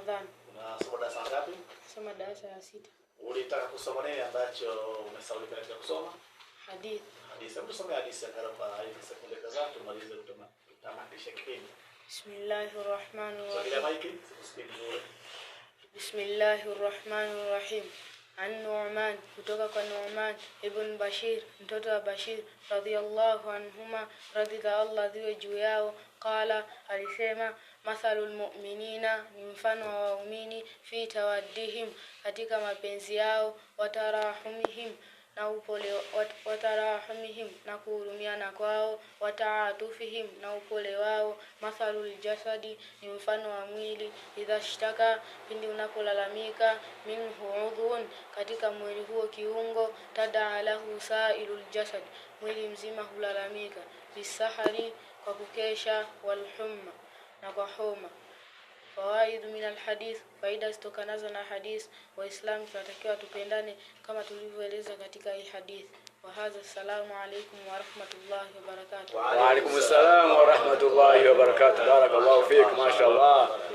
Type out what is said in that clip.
Ramadhani. Unasoma darasa ngapi? Soma darasa la sita. Ulitaka kusoma nini ambacho umesaulika katika kusoma? Hadithi. Hadithi. Hebu tusome hadithi angalau kwa hivi sekunde kadhaa tumalize kutoma tamatisha kipindi. Bismillahir Rahmanir Rahim. Sogea maiki, usikilize. Bismillahir Rahmanir Rahim an-Nu'man kutoka kwa Nu'man ibn Bashir mtoto wa Bashir radhiallahu anhuma, radhi za Allah ziwe juu yao. Qala, alisema mathalu mu'minina, ni mfano wa waumini, fi tawaddihim, katika mapenzi yao, watarahumihim na upole watarahamihim na kuhurumiana kwao, wataatufihim na upole wao. Mathalu ljasadi ni mfano wa mwili, idha shtaka, pindi unapolalamika, minhu udhun, katika mwili huo kiungo, tadaa lahu sailu ljasad, mwili mzima hulalamika, bisahari, kwa kukesha, walhumma, na kwa homa fawaid min alhadith, faida zitokanazo na hadith. Waislamu tunatakiwa tupendane kama tulivyoeleza katika hii hadith. Wa hadha, assalamu alaykum wa rahmatullahi wa barakatuh. Wa alaykum assalam wa rahmatullahi wa barakatuh. Barakallahu fik, mashallah.